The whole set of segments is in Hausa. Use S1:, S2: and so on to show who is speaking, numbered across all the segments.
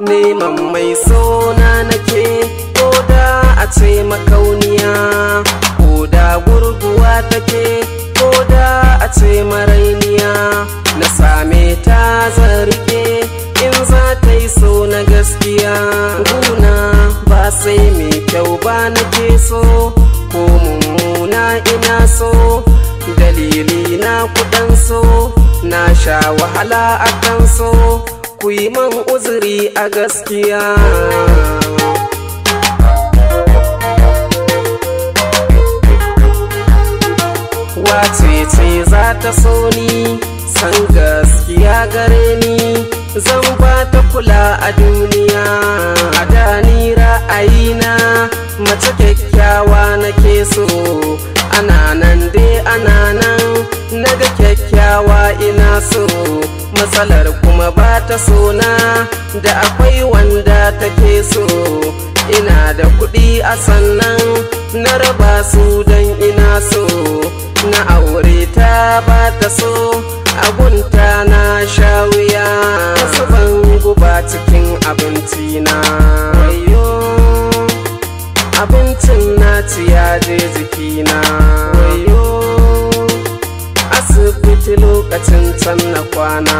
S1: neman mai sona nake ko da a ce makauniya ko da gurguwa take ko da a ce marainiya na same ta zarge in za ta yi so na gaskiya guna ba sai mai kyau ba nake so ko mummuna ina so dalili na kudan so na sha wahala a kan so ku yi man uzuri a gaskiya wace ce za ta so ni san gaskiya gare ni zan ba ta kula a duniya a da dani ra'ayina mace kyakkyawa nake so yawa ina so matsalar kuma ba ta na da akwai wanda take so ina da kuɗi a sannan na raba su don ina so na aure ta ba ta so abunta na sha wuya su guba cikin abinci na abincin na ciya je jikina asibiti lokacin can na kwana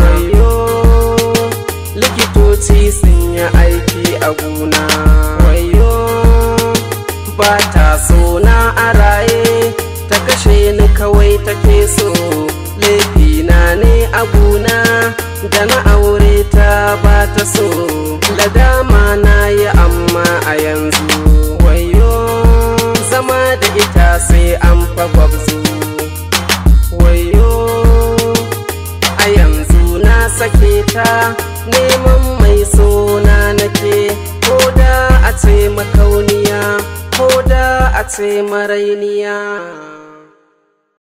S1: wayo likitoci sun yi aiki a gona wayo ba ta so na a raye ta kashe ni kawai take so laifina ne a gona da na aure ta ba ta so da dama na yi amma a yanzu wayo zama da ita sai an fa gwabza sake ta neman mai sona nake ko da a ce makauniya ko da a ce marainiya